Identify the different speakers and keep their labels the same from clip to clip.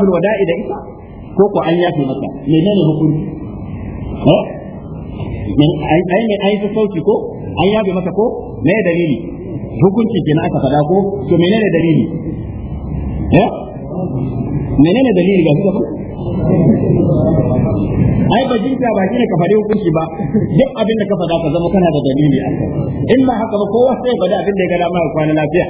Speaker 1: hul wada'i da ita ko ko an yafe maka menene hukunci eh ai ne ai sauki ko an yafe maka ko me dalili hukunci ke na aka faɗa ko to menene dalili eh menene dalili ga shi ai ba ta ba ne ka faɗi hukunci ba duk abin da ka faɗa ka zama kana da dalili a in ba haka ba kowa sai da abin da ya ga dama ya kwana lafiya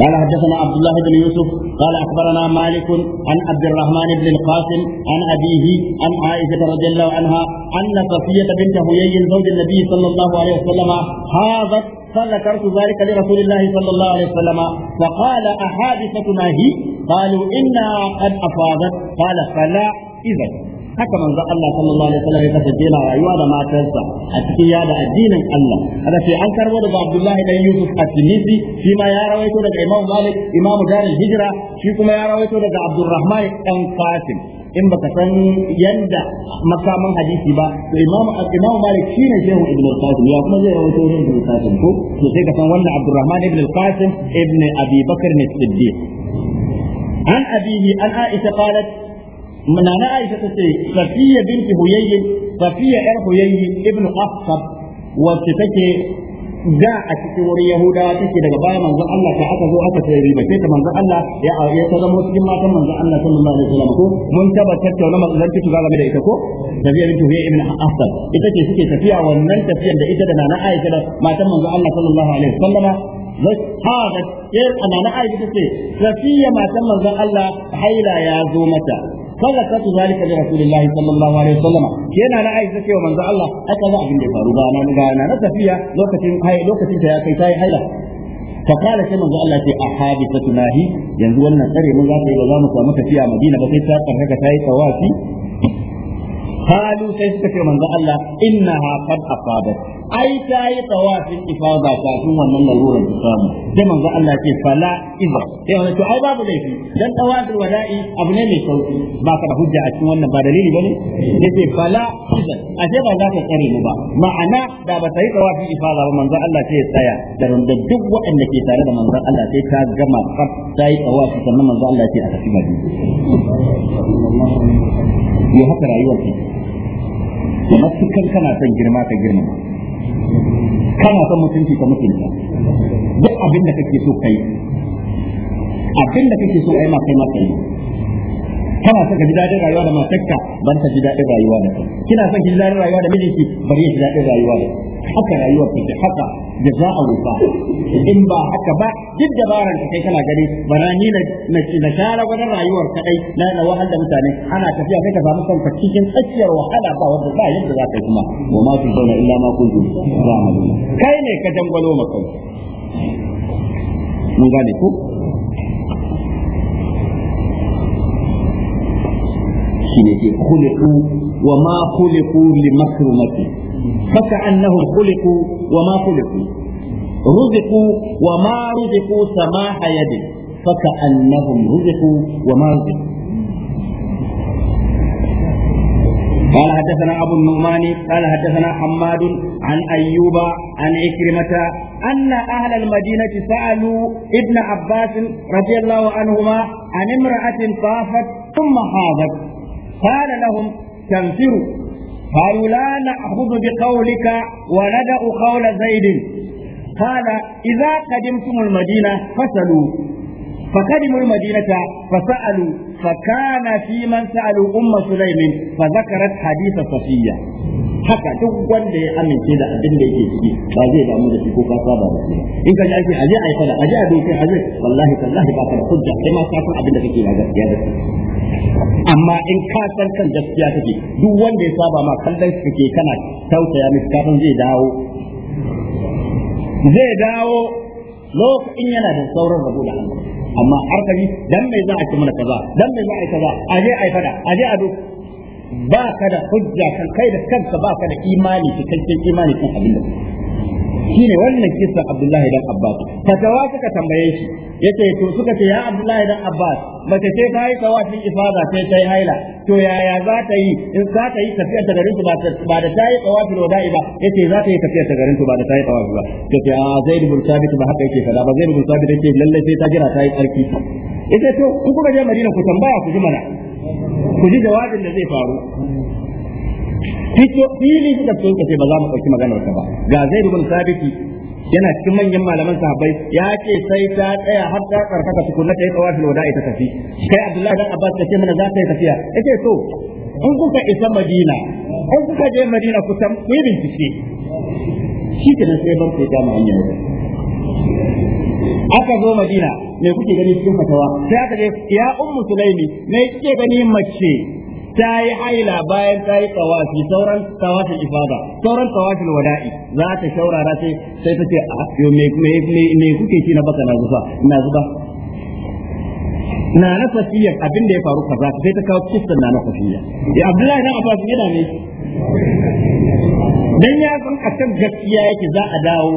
Speaker 1: قال حدثنا عبد الله بن يوسف قال اخبرنا مالك عن عبد الرحمن بن القاسم عن ابيه عن عائشه رضي الله عنها ان صفيه بنت هيي زوج النبي صلى الله عليه وسلم حاضت فذكرت ذلك لرسول الله صلى الله عليه وسلم فقال احادثتنا هي قالوا انا قد افاضت قال فلا اذا haka manzo Allah sallallahu alaihi wasallam ya kasance yana rayuwa da matarsa a cikin yada addinin Allah kada sai an karbo daga Abdullahi dan Yusuf at-Tinisi shi ma ya rawaito daga Imam Malik Imam Darul Hijra shi kuma ya rawaito daga Abdurrahman dan Qasim in baka san yanda makaman hadisi ba to imam imam malik shine shehu ibn al-qasim ya kuma zai rawaito ne ibn al-qasim ko to sai ka san wannan abdurrahman ibn al-qasim ibn abi bakr as-siddiq an abihi an aisha qalat nana Aisha ta ce Safiya binti Huyayy Safiya yar Huyayy ibn Asab wacce take da a cikin wurin Yahudawa take daga baya manzon Allah ta aka zo aka sai riba ta manzon Allah ya ya ta zama cikin matan manzon Allah sallallahu alaihi wasallam ko mun taba tattauna matsalar ta zama da ita ko Safiya binti Huyayy ibn Asab ita ce suke tafiya wannan tafiyar da ita da nana Aisha da matan manzon Allah sallallahu alaihi wasallam hadat a eh, anana Aisha ce Safiya matan manzon Allah haila ya zo mata فذكرت ذلك لرسول الله صلى الله عليه وسلم كينا انا عايز ذكي ومن الله هكذا ابن فارو بانا نغانا نتفيا لوكتين هاي لوكتين تاي كاي تاي هاي فقال كما قال الله في احادثتنا هي ينزو لنا تري من ذاك يبقى زامو سامو تفيا مدينه بس هي تاقر هكا تاي توافي قالوا كيف تفيا من الله انها قد اصابت ai ta yi tawafin ifada kafin wannan lalurar ta samu sai manzo Allah ce fala iza sai wannan to ai babu laifi dan tawafin wada'i abu ne mai sauki ba ka da hujja a cikin wannan ba dalili bane yace fala iza a ce ba za ka tsare mu ba ma'ana da ba ta yi tawafin ifada ba manzo Allah ce tsaya da da duk waɗanda ke tare da manzo Allah sai ta gama kaf ta yi tawafin sannan manzo Allah ce a tafi madina yo haka rayuwar ke kamar kana son girma ka girma kana son mutunci ka mutunta duk abin da kake so kai abin da kake so ai ma kai ma kai kana son ka ji daɗin rayuwa da matarka ban ka ji da rayuwa da kai kina son ki ji daɗin rayuwa da mijinki bari ya ji daɗin rayuwa da kai haka rayuwar take haka da za a wufa in ba haka ba duk dabarar ka kai kana gani barani na na share wannan rayuwar kadai na na wahal da mutane ana tafiya kai ka samu kanka cikin tsakiyar wahala ba wanda ba yadda za ka yi kuma wa ma kun zauna illa ma kuntum kai ne ka dangwalo maka mun gane ku? aiki ne ke khuliqu wa ma khuliqu li makrumati faka annahum khuliqu wa ma khuliqu ruziqu wa ma ruziqu samaha yadin faka annahum ruziqu wa ma ruziqu قال حدثنا أبو النعمان قال حدثنا حماد عن أيوب عن عكرمة أن أهل المدينة سألوا ابن عباس رضي الله عنهما عن امرأة طافت ثم حاضت قال لهم تنفروا قالوا لا نأخذ بقولك وندع قول زيد قال إذا قدمتم المدينة فسلوا فقدموا المدينة فسألوا فكان في من سألوا أم سليم فذكرت حديث صفية haka duk wanda ya amince da abin da yake ciki ba zai damu da shi ko in ka ji ake aje ai fada aje a dokin aje wallahi tallahi ba ka da sai ma ka abin da kake na gaskiya da amma in ka san kan gaskiya kake duk wanda ya saba ma kallon shi kake kana tausaya miki kafin zai dawo zai dawo lokacin yana da sauran rabo da Allah amma arkari dan mai za a ci mana kaza dan mai za a yi kaza a je a yi fada a je a duk ba ka da hujja kan kai da kanka ba ka da imani cikakken imani kan abin da shine wannan kisan Abdullahi dan Abbas tawa suka tambaye shi yace to suka ce ya Abdullahi dan Abbas mace ce ta yi tawafin ifada sai ta yi haila to yaya za ta yi in za ta yi tafiyar ta garin ba ba da ta yi tawafin wada'i ba yace za ta yi tafiyar ta garin ba da ta yi tawafi ba yace a ah, Zaid bin Thabit ba haka yake kada ba Zaid bin Thabit yake lalle sai ta jira ta yi tsarki yace to in kuka je Madina ku tambaya ku ji mana ku ji jawabin da zai faru fito fili da sun kace ba za mu ɗauki maganar ka ba ga zai bin sabiti yana cikin manyan malaman sahabbai ya ce sai ta tsaya har ta karkata tukunna ta yi tsawafin wada ita tafi kai abdullahi dan abbas ta ce mana za ta yi tafiya yake to in kuka isa madina in kuka je madina ku san ku yi bincike shi ke sai ban ku ga hanya ne aka zo madina me kuke gani cikin fatawa sai aka je ya ummu sulaimi me kike gani mace ta yi haila bayan ta yi tsawafi sauran tsawafi ifada sauran tsawafi wada'i za ta shaurara sai sai ta ce ah, me kuke shi na baka na zuba na zuba na na abin da ya faru kaza sai ta kawo kistan na na fasiyar ya abdullahi na abbas yana ne dan ya san akan gaskiya yake za a dawo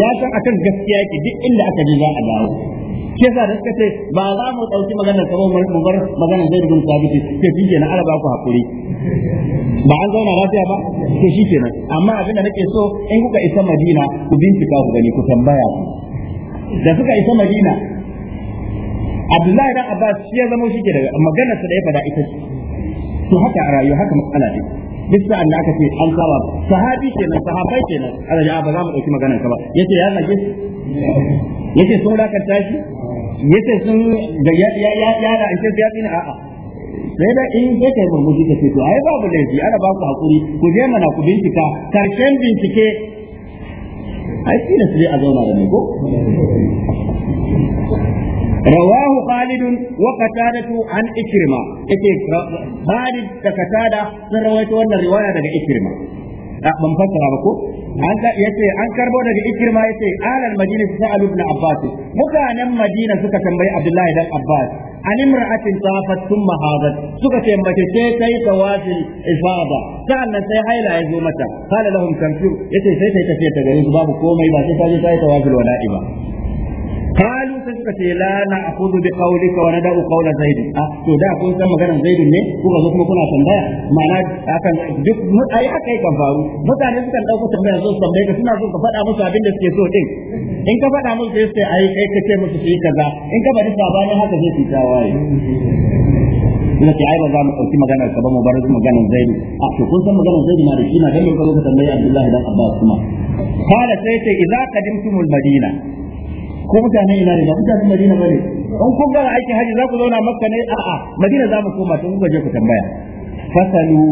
Speaker 1: ya san akan gaskiya yake duk inda aka ji za a dawo Ke sa da suka ce ba za mu dauki maganar kamar mu bar maganar zai rubuta biki ke shi kenan araba ku hakuri ba an zauna lafiya ba ke shi kenan amma abinda nake so in kuka isa Madina ku bincika ku gani ku tambaya ku. da suka isa Madina Abdullahi dan Abbas shi ya zama shi ke da maganar sa da ya fada ita to haka a rayuwa haka matsala ne duk sa'an da aka ce an saba sahabi kenan sahabai kenan ana ya ah, ba za mu dauki maganar ka ba yace ya nake yace sun lakanta shi yace sun da ya ya ya ya da an ce ya tsina a'a sai da in sai kai mu ka ce to ai babu laifi ana ba ku hakuri ku je mana ku bincika karshen bincike ai shi ne a zauna da ni ko رواه خالد وقتادة عن إكرمة خالد كقتادة سرويت أن الرواية عن إكرمة ban fassara ba ko an yace an karbo daga ikirma yace alal madina sa'al ibn abbas mutanen madina suka tambayi abdullahi dan abbas an imra'atin tafat thumma hadat suka ce mace ce sai tawafil ifada sa'annan sai haila ya zo mata qala lahum kamfiru yace sai ta tafiya ta garin babu komai ba sai ta je ta yi tawafil ba suka ce la na akudu bi qawlika wa nada'u qawla zaid a ah, to da kun san maganar zaid ne ku ga kuma kuna tambaya ma'ana akan duk ai haka yakan faru mutane suka dauko tambaya zo tambaye ka suna so ka faɗa musu abin da suke so din in ka faɗa musu sai sai ai kai kace musu su yi kaza in ka bari sabanin haka zai fita waye ina ce ai ba za mu ɗauki maganar ka ba mu bar maganar zaidu a ah, to kun san maganar zaidu na da shi na dan ka zo ka tambayi abdullahi dan abbas kuma qala sai ce idza qadimtumul madina ko mutane ina ne ba mutanen Madina ba ne in kun gama aikin haji za ku zauna Makka ne a'a Madina za mu koma tun kuka je ku tambaya fasalu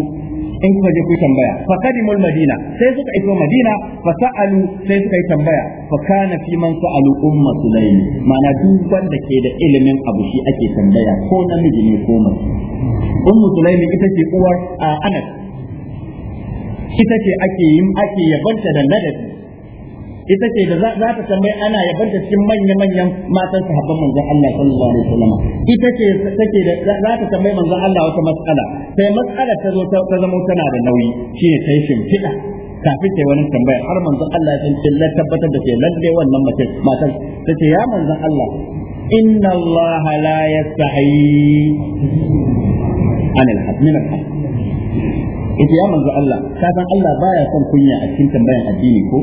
Speaker 1: in kuka je ku tambaya fa kadimul madina sai suka iso madina fa sa'alu sai suka yi tambaya fa kana fi man sa'alu umma sulaimi mana duk wanda ke da ilimin abu shi ake tambaya ko namiji ne ko mace ummu sulaimi ita ce uwar anas ita ce ake yin ake yabanta da ladabi ita ce da za ta tambayi ana yabanta cikin manya-manyan matan sahabban manzon Allah sallallahu alaihi wasallam ita ce take da za ta tambayi manzon Allah wata matsala sai matsalar ta zo ta zama tana da nauyi shine sai shimfiɗa kafin ta wani tambaya har manzon Allah ya san cewa tabbatar da ke lalle wannan mace matan tace ya manzon Allah inna Allah la yastahi anil haq min al haq ita ya manzo Allah ka san Allah baya son kunya a cikin tambayan addini ko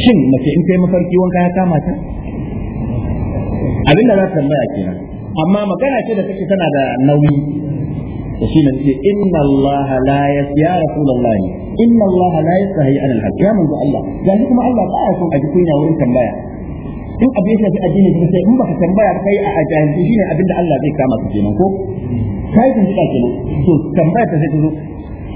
Speaker 1: shin mace in kai mafarki wanka ya kama ta Abinda za ta tambaya kenan amma magana ce da take tana da nauyi da shi nan ce inna Allah la ya rasulullah inna Allah la yasahi an al-haq ya manzo Allah dan kuma Allah ba ya son a ji kunya wurin tambaya in abin ya shafi addini kuma sai in baka tambaya kai a ajahanci shi ne abinda Allah zai kama ka kenan ko kai kin ji kenan to tambaya ta sai ta zo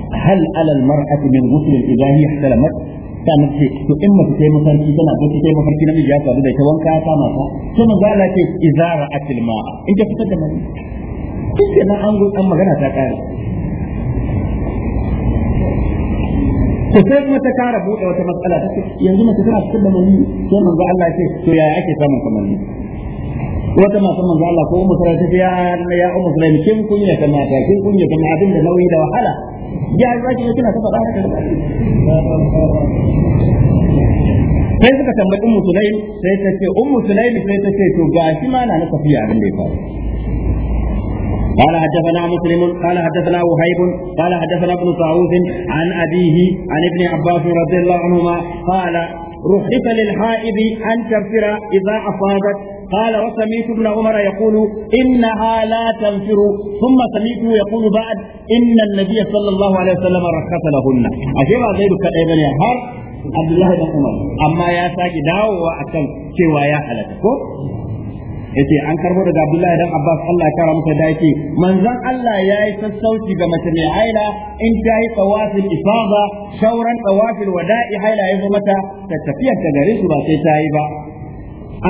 Speaker 1: هل على المرأة من غسل إذا هي احتلمت؟ sannan ce to in mace ta yi mafarki tana bacci ta yi mafarki na miji ya faru da ita wanka ya kama ta to manzo Allah ce izara atil ma'a in ta fitar da mani kike na an an magana ta kare to sai kuma ta kara bude wata matsala ta ce yanzu mace tana fitar da mani sai manzo Allah ce to yaya ake samun kamar ni wata masu manzo Allah ko ummu sulaimi ta ya ya ummu sulaimi kin kunya ta kin kunya abin da nauyi da wahala ya zaki ne kina ta faɗa haka sai suka tambayi ummu sulaimi sai ta ce ummu sulaimi sai ta ce to gashi ma na na tafiya abin da ya faru قال حدثنا مسلم قال حدثنا وهيب قال حدثنا ابن طاووس عن أبيه عن ابن عباس رضي الله عنهما قال رخص للحائض أن تنفر إذا أفاضت قال وسميت ابن عمر يقول إنها لا تنفر ثم سميته يقول بعد إن النبي صلى الله عليه وسلم رخص لهن أجيب زيد كأيضا يا عبد الله بن عمر أما يا ساجي داو وأكل سوى يا حلتكم yace an karbo daga Abdullahi dan Abbas Allah ya kara masa dace manzon Allah ya yi sassauci ga mace mai haila in ta yi tawafil ifada sauran tawafil wada'i haila ya zo mata ta tafiyar ta gare su ba sai ta yi ba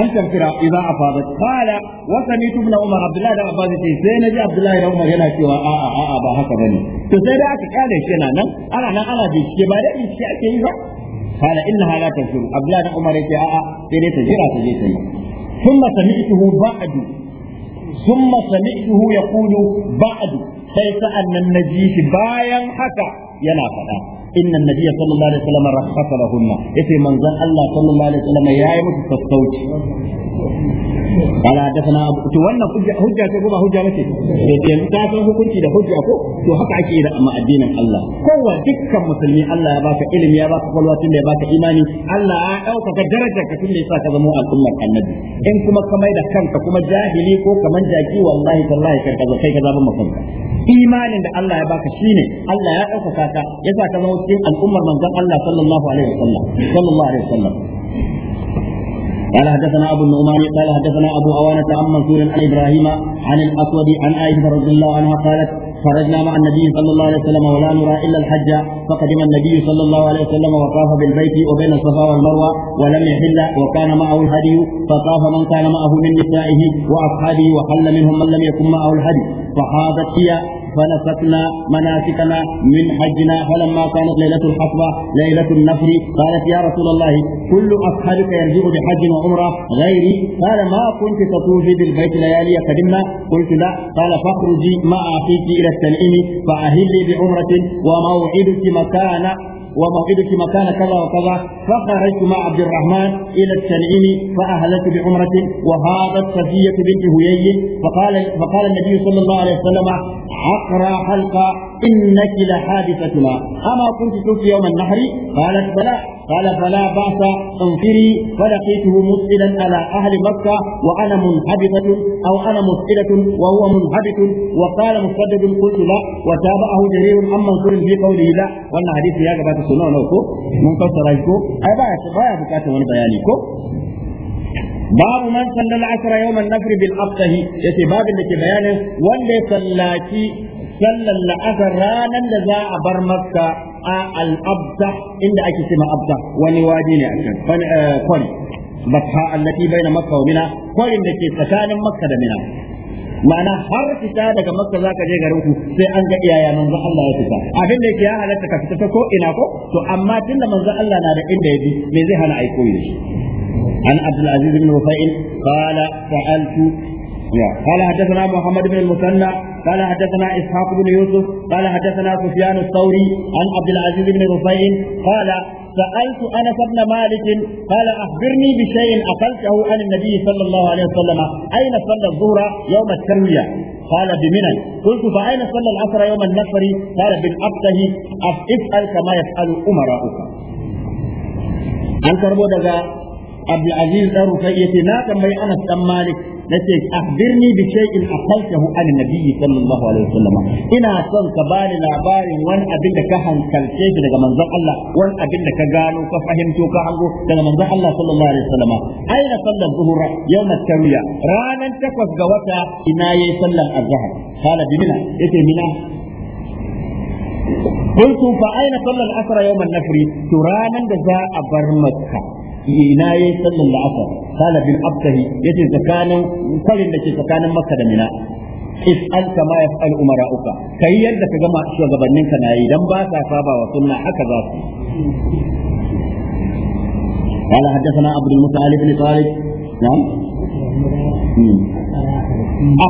Speaker 1: an tafira idan afadat qala wa samitu ibn umar Abdullahi da abbas sai sai naji abdullah da umar yana cewa a a a ba haka bane to sai da aka kyale shi nan ana nan ana bincike ba dai bincike ake yi ba قال انها لا تنفر عبد الله بن عمر يقول اه اه je ta yi. ثم سمعته بعد ثم سمعته يقول بعد sai sa'an nan na ji bayan haka yana faɗa inna nabiyya sallallahu alaihi wasallam rakhasa lahunna yace manzon Allah sallallahu alaihi wasallam yayi musu sassauci قال حدثنا تو wannan hujja hujja ce ko ba hujja bace yanzu ta san hukunci da hujja ko to haka ake yi da amma addinin Allah kowa dukkan musulmi Allah ya baka ilimi ya baka kwalwa tun da ya baka imani Allah ya dauka darajar ka tun da yasa ka zama al'ummar annabi in kuma kamai da kanka kuma jahili ko kaman jaki wallahi tallahi kai ka imanin da Allah ya baka ne, Allah ya dauka yasa ka zama cikin al'ummar manzon Allah sallallahu alaihi wasallam sallallahu alaihi wasallam قال حدثنا ابو النعمان قال حدثنا ابو عوانة عن منصور عن ابراهيم عن الاسود عن عائشة رضي الله عنها قالت خرجنا مع النبي صلى الله عليه وسلم ولا نرى الا الحج فقدم النبي صلى الله عليه وسلم وطاف بالبيت وبين الصفا والمروه ولم يحل وكان معه الهدي فطاف من كان معه من نسائه واصحابه وحل منهم من لم يكن معه الهدي فحاضت هي فنفتنا مناسكنا من حجنا فلما كانت ليلة الحصبة ليلة النفر قالت يا رسول الله كل أصحابك يرجو بحج وعمرة غيري قال ما كنت تطوفي بالبيت ليالي قدمنا قلت لا قال فاخرجي مع أخيك إلى التنعيم فأهلي بعمرة وموعدك مكان وموعدك مكان كذا وكذا فخرجت مع عبد الرحمن إلى التنعيم فأهلت بعمرة وهاضت صفية بنت هيي فقال فقال النبي صلى الله عليه وسلم عقرى حلقة إنك لحادثتما أما كنت تلك يوم النحر قالت بلى قال فلا بأس انفري فلقيته مسئلا على أهل مكة وأنا منحبطة أو أنا مسئلة وهو منحبط وقال مسدد قلت لا وتابعه جرير عن منصور في قوله لا وأن حديث يا جماعة السنة نوكو منفصل أجكو أي باية باية بكاتة ونبيانيكو باب من صلى العصر يوم النفر بالأفته يتي باب اللي بيانه وان صلاكي sallar la'asar ranar da za a bar maka a al'abda inda ake cewa abda wani waje ne a can eh, kwari bakha allati baina makka wa mina kwarin da ke tsakanin maka da mina ma'ana har fita daga maka zaka je garin ku sai an ga iyaya manzo Allah ya fita abin da yake ya halatta ka fita ta ko ina ko to amma tunda manzo Allah na da inda ya bi me zai hana aiko yi shi an abdul aziz bin rufa'il qala قال حدثنا محمد بن المثنى قال حدثنا اسحاق بن يوسف قال حدثنا سفيان الثوري عن عبد العزيز بن رفيع قال سألت أنس بن مالك قال أخبرني بشيء أقلته عن النبي صلى الله عليه وسلم أين صلى الظهر يوم التروية قال بمنى قلت فأين صلى العصر يوم النفر قال بالأبته افعل كما يفعل أمراؤك أنت ربو عبد العزيز أن رفيتي لا تنبي أنس بن مالك nace akhbirni bi shay'in aqaltahu an nabiyyi sallallahu alaihi wasallam ina son ka bani labarin wani abin da ka hankalce shi daga manzon Allah wani abin da ka gano ka fahimto ka hango daga manzon Allah sallallahu alaihi wasallam aina sallan zuhur yawm at-tarwiya ranan takwas ga wata ina yayi sallan azhar qala bi mina yace mina قلت فأين صلى العصر يوم النفر ترانا جزاء بر مكة ina yayi sallar la'asar kana bin abtahi yace tsakanin kwarin da ke tsakanin maka da mina is'al kama kai yadda ka gama shugabanninka nayi dan ba sa saba wa sunna haka za su قال حدثنا عبد المطلب بن نعم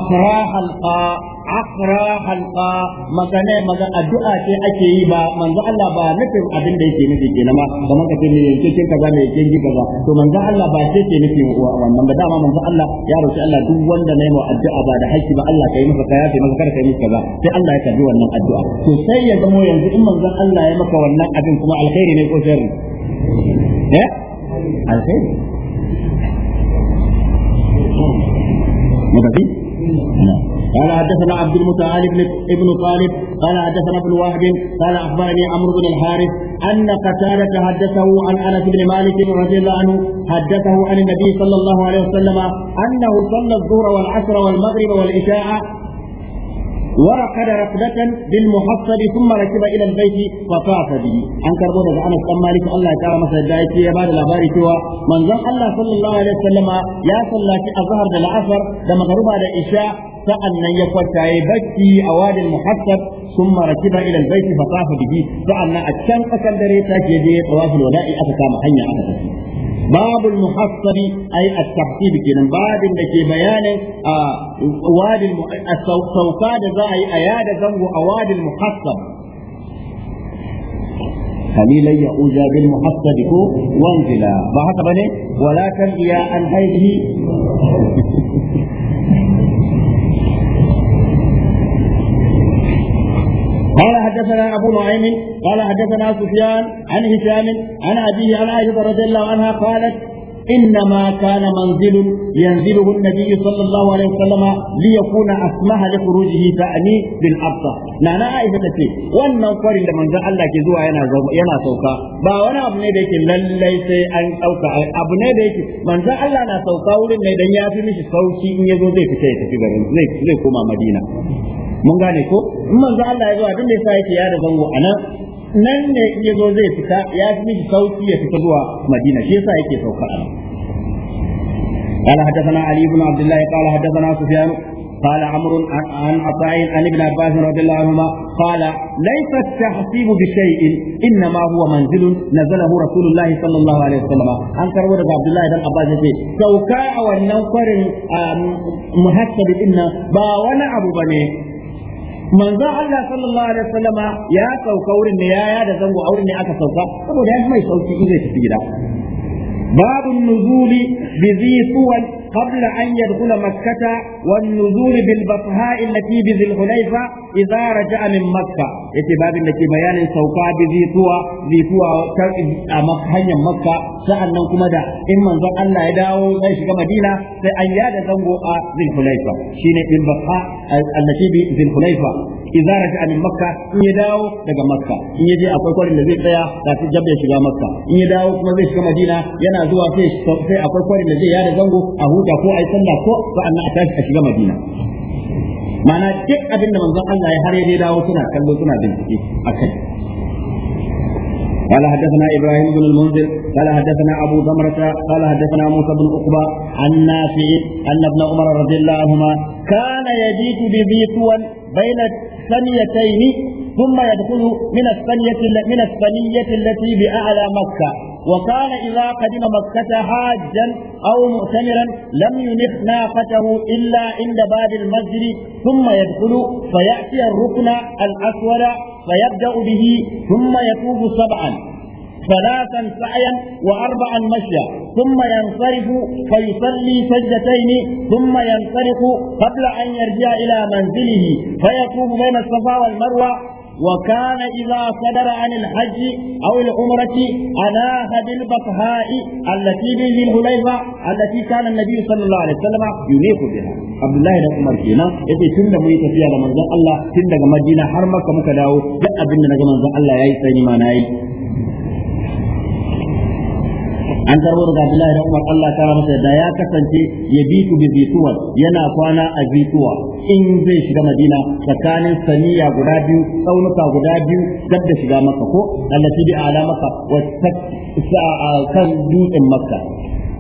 Speaker 1: أخراح القاء akra halqa magana addu'a ce ake yi ba manzo Allah ba nufin abin da yake nufi kenan ma kamar kace ne yake kin kaza ne yake kaza to manzo Allah ba ce ke nufi wannan ba dama manzo Allah ya roki Allah duk wanda ne ma addu'a ba da haƙƙi ba Allah kai masa kaya kai masa kada kai kaza sai Allah ya karbi wannan addu'a to sai ya yanzu in manzo Allah ya maka wannan abin kuma alkhairi ne ko sharri eh alkhairi قال حدثنا عبد المتعالي بن ابن طالب قال حدثنا ابن وهب قال اخبرني عمرو بن الحارث ان قتادة حدثه عن انس بن مالك رضي الله عنه حدثه عن النبي صلى الله عليه وسلم انه صلى الظهر والعصر والمغرب والعشاء ورقد ركبة بالمحصل ثم ركب إلى البيت فطاف به أن كربو دغ أنس بن مالك الله تعالى مثلا دايتي يا بعد الأباري سوى من ذن الله صلى الله عليه وسلم يا صلى الظهر ده العصر ده مغربا ده إشاء sa'annan ya kwanta yayi bacci a wadin muhassab thumma rakiba ila albayt fa tafa bihi sa'annan a can kasan dare ta je je tawaful wada'i aka kama hanya aka tafi babul muhassabi ay at-tabtib kinan babin da ke bayani a wadin da za a yi a yada zango a wadin muhassab خليلا يؤجى بالمحصد كو وانزلا ما هكذا ولكن يا ان هذه قال حدثنا أبو نعيم قال حدثنا سفيان عن هشام عن أبيه عن عائشة رضي الله عنها قالت إنما كان منزل ينزله النبي صلى الله عليه وسلم ليكون أسمه لخروجه تعني بالأبصى نانا عائشة تي وانا فرين لما انزل الله كزوا ينا, ينا سوكا با وانا أبني ديك للي سي أن أوكا أبني ديك من ذا الله نا سوكا ولن ندن يافي مش سوكي إن يزو زي فتاية في غرين زي كما مدينة mun gane ko in manzo Allah ya zo abin da yasa yake ya da zango anan nan ne in ya zo zai fita ya fi miki sauki ya fita zuwa Madina shi yasa yake sauka anan قال حدثنا علي بن عبد الله قال حدثنا سفيان قال عمرو عن عطاء عن ابن عباس رضي الله عنهما قال ليس التحصيب بشيء انما هو منزل نزله رسول الله صلى الله عليه وسلم عن كربو عبد الله بن عباس يقول سوكا او النوفر محسب ان با وانا ابو بني manzon Allah sallallahu alaihi wasallama ya sauka wurin ne yaya da zango a wurin ne aka sauka saboda ya mai sauki in zai tafi gida babu nuzuli bi zi suwal قبل أن يدخل مكة والنزول بالبطحاء التي بذي الحليفة إذا رجع من مكة اتباب التي بيان سوقا بذي توا ذي توا مكة مكة سألنا كما دا إما أن الله يداو ليش مدينة فأن ياد زنبو ذي الحليفة شين البطحاء التي بذي الحليفة idza raja'a min makka in ya dawo daga makka in ya je akwai kwarin da zai tsaya kafin su ya shiga makka in ya dawo kuma zai shiga madina yana zuwa sai sai akwai kwarin da zai yada zango a huta ko a yi sallah ko sa'annan a tashi a shiga madina ma'ana duk abin da manzon Allah ya har ya dawo suna kallo suna bincike akai قال حدثنا ابراهيم بن المنذر قال حدثنا ابو ضمرة قال حدثنا موسى بن عقبة عن نافع ان ابن عمر رضي الله عنهما كان يبيت بذي بين الثانيتين ثم يدخل من الثانية من الثانية التي بأعلى مكة وكان إذا قدم مكة حاجا أو مؤتمرا لم ينخ ناقته إلا عند باب المسجد ثم يدخل فيأتي الركن الأسود فيبدأ به ثم يطوف سبعا ثلاثا سعيا واربعا مشيا ثم ينصرف فيصلي سجدتين ثم ينصرف قبل ان يرجع الى منزله فيطوف بين الصفا والمروه وكان إذا صدر عن الحج أو العمرة أناه بالبطهاء التي به الهليفة التي كان النبي صلى الله عليه وسلم ينيق بها عبد الله بن عمر كينا يتي تند مو يتفي على منزل الله تند مدينة حرمك مكداو جاء بنا نجا منزل الله يا سيدي ما نايل an karbo daga Abdullahi da Umar Allah kara masa da ya kasance ya bitu bi zituwa yana kwana a zituwa in zai shiga Madina tsakanin saniya guda biyu tsaunuka guda biyu gab da shiga maka ko ta bi ala Makka wa kan dutsen maka.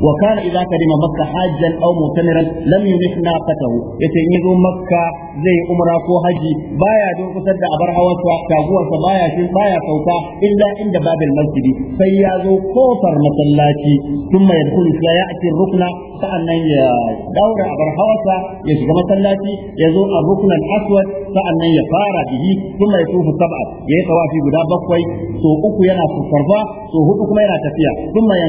Speaker 1: وكان إذا قدم مكة حاجا أو مؤتمرا لم يمس ناقته يتنيذ مكة زي أمرا كو حجي بايا دون قصد أبرها وسوى كابوة بايا شن بايا فوتا إلا عند باب المسجد فيازو كوفر مسلاتي ثم يدخل فيأتي الركن sa'annan ya daura abar hawasa ya shiga masallaci ya zo a rukunan aswad sa'annan ya fara bihi kuma ya tufu sab'a ya yi tawafi guda bakwai so uku yana karba hudu kuma yana tafiya kuma ya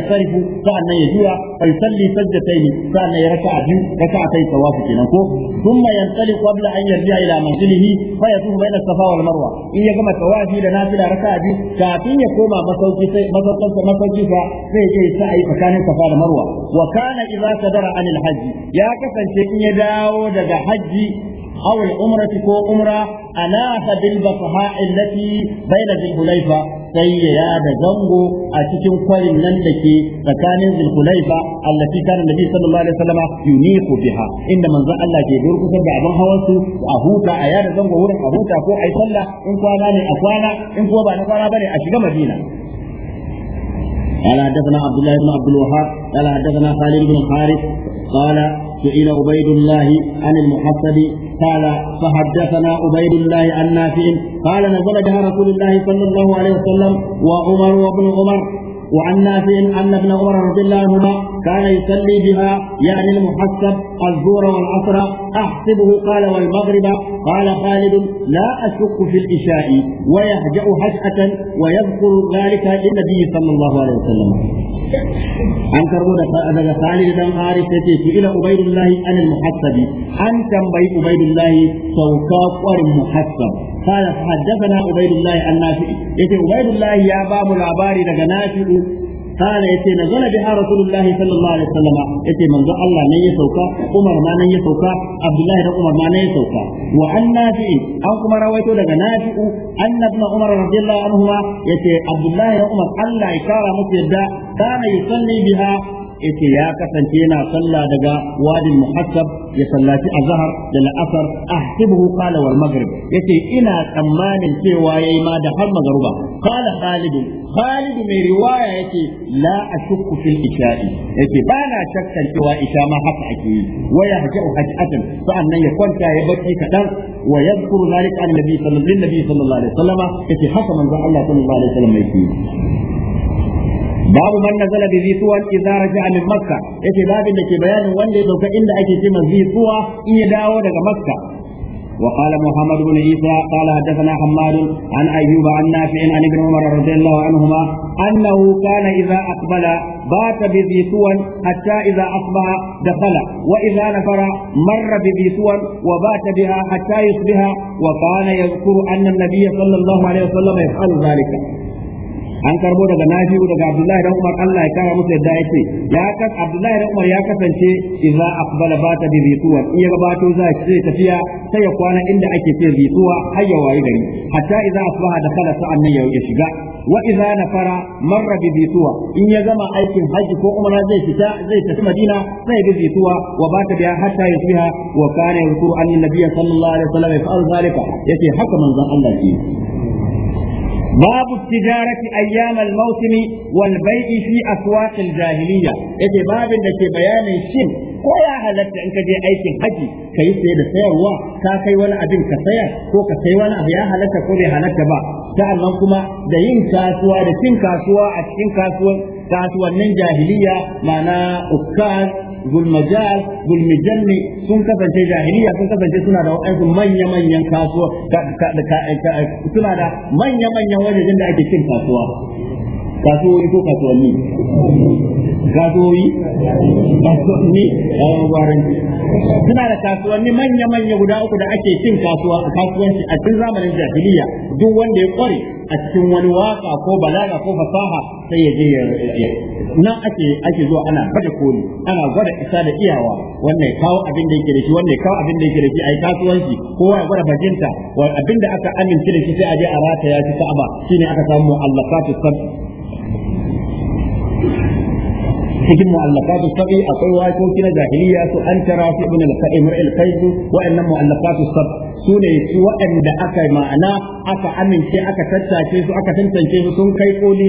Speaker 1: sa'annan ya jira fa yusalli sajdatayn sannan ya raka'a biyu raka'a kai tawafu kenan ko thumma yantali qabla an yarji'a ila manzilihi fa yatufu baina safa wal marwa in ya gama tawafi da nafila raka'a biyu kafin ya koma masauki sai masaukin sa masauki fa sai ya yi sa'i tsakanin safa da marwa wa kana idza sadara hajji ya kasance in ya dawo daga hajji أو العمرة كو عمرة أناف بالبصحاء التي بين ذي الحليفة sai ya yada zango a cikin kwarin nan da ke tsakanin zulhulaifa allati kana nabi sallallahu alaihi wasallam yuniku biha inda manzo Allah ke durkusar da abin hawan su a huta a yada zango wurin a huta ko ai sallah in kwana ne a kwana in ko ba na kwana ne a shiga madina قال حدثنا عبد الله بن عبد الوهاب قال حدثنا خالد بن الحارث قال سئل عبيد الله عن المحصب قال فحدثنا عبيد الله عن نافع قال نزل بها رسول الله صلى الله عليه وسلم وعمر وابن عمر وعن نافع أن ابن عمر رضي الله عنهما كان يصلي بها يعني المحسب الظهر والعصر أحسبه قال والمغرب قال خالد لا أشك في العشاء ويهجأ هجأة ويذكر ذلك للنبي صلى الله عليه وسلم an karbo daga Salih dan Haris yace su ila Ubaidullahi anil muhassabi an tambayi Ubaidullahi sauka kwarin muhassab قال حدثنا عبيد الله عن نافع يتي عبيد الله يا باب العباري daga نافع قال يتي نزل بها رسول الله صلى الله عليه وسلم يتي من ذا الله ني يسوكا عمر ما ني يسوكا عبد الله بن عمر ما ني يسوكا وعن نافع أو كما رويته daga نافع أن ابن عمر رضي الله عنهما يتي عبد الله بن عمر الله يكرمه يدا كان يصلي بها yace ya kasance yana sallah daga wadi muhassab ya sallaci azhar da la'asar ahsibuhu qala wal maghrib yace ina tsammanin cewa yayi ma da har magruba qala khalid khalid mai riwaya yace la ashukku fil isha'i yace ba na shakkan cewa isha ma haka ake yi wa yahja'u hajatan sa'annan ya kwanta ya barci kadan wa yadhkuru zalika an nabi sallallahu alaihi wasallam yace haka manzo Allah sallallahu alaihi wasallam yake babu man nazala bi zisuwan idza raja'a min makka yace babin da ke bayanin wanda ya dauka inda ake cewa zisuwa in ya dawo daga makka وقال محمد بن عيسى قال حدثنا حماد عن ايوب عن نافع عن ابن عمر رضي الله عنهما انه كان اذا اقبل بات بذي سوى حتى اذا اصبح دخل واذا نفر مر بذي سوى وبات بها حتى يصبح وكان يذكر ان النبي صلى الله عليه وسلم يفعل ذلك an karbo daga nafi'u daga abdullahi dan umar Allah ya kara musu yadda yake ya kas abdullahi dan umar ya kasance idza aqbala bata bi rituwa in ya gabato za shi zai tafiya sai ya kwana inda ake ce rituwa har ya wayi gari hatta idza asbaha da sa'an nan ya shiga wa idza nafara marra bi rituwa in ya gama aikin haji ko umra zai fita zai tafi madina sai bi rituwa wa bata biya hatta yusbiha wa kana yadhkuru anna nabiyya sallallahu alaihi wasallam yaf'al zalika yace haka manzon Allah ke باب التجارة أيام الموسم والبيع في أسواق الجاهلية يجي باب لك بيان الشم كويا هلت إنك جي أيك حجي كي سيد سير وا كاكي ولا أبين كسير كو كسي ولا أبيا هلت كوبي هلت با سألنا كما دين كاسوا دين كاسوا أتين كاسوا kasuwannin jahiliya mana ukkan zulmajal zulmijanni sun kasance jahiliya sun kasance suna da wa'ansu manya manyan kasuwa suna da manya manyan wajejen da ake cin kasuwa kasuwoyi ko kasuwanni kasuwoyi kasuwanni warin suna da kasuwanni manya manya guda uku da ake cin kasuwa kasuwanci a cikin zamanin jahiliya duk wanda ya kware a cikin wani waka ko balaga ko fasaha sai ya je ya nan ake ake zuwa ana bada koli ana gwada isa da iyawa wannan kawo abin da yake da shi wannan kawo abin da yake da shi ai kasuwanci kowa ya gwada bajinta wa abin da aka amince da shi sai a je a rataya shi ka'aba shine aka samu allakatu sabt cikin mu'allafatu sab'i akwai wakoki na jahiliya su an tara su ibn al-qayyim al-qayyim wa'annan mu'allafatu sab'i su ne su waɗanda aka ma'ana aka amince aka tattace su aka tantance su sun kai koli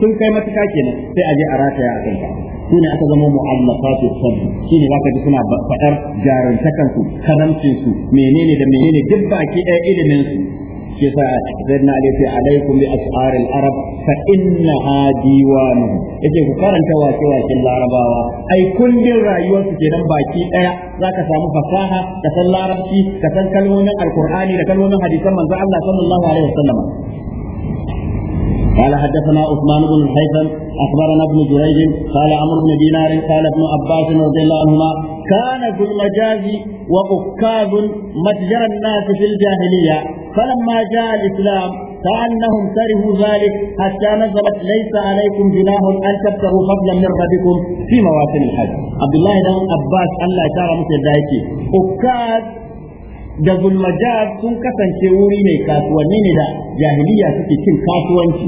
Speaker 1: sun kai matuka kenan sai a je a rataya a kanka su ne aka zama mu'allafatu sab'i shi ne zaka ji suna faɗar jarumtakan su karamcin su menene da menene duk baki ɗaya ilimin su كيف أخبرنا عليه عليكم بأسعار العرب فإنها ديوانهم إذن فقال أنت واسي العرب أي كل الرأي واسي باكي أيا ذاك سام فصاحة تسل العرب شي تسل كلمون القرآن لكلمون حديثا من فعلا صلى الله عليه وسلم قال حدثنا عثمان بن الحيثم أخبرنا ابن جريج قال عمرو بن دينار قال ابن عباس رضي الله عنهما كان ذو المجازي وأكاب متجر الناس في الجاهلية فلما جاء الإسلام كأنهم كرهوا ذلك حتى نزلت ليس عليكم جناح أن تبتغوا فضلا من ربكم في مواسم الحج عبد الله بن عباس الله تعالى مثل ذلك أكاب da zulmajab sun kasance wuri ne kasuwanni ne da jahiliya suke cin kasuwanci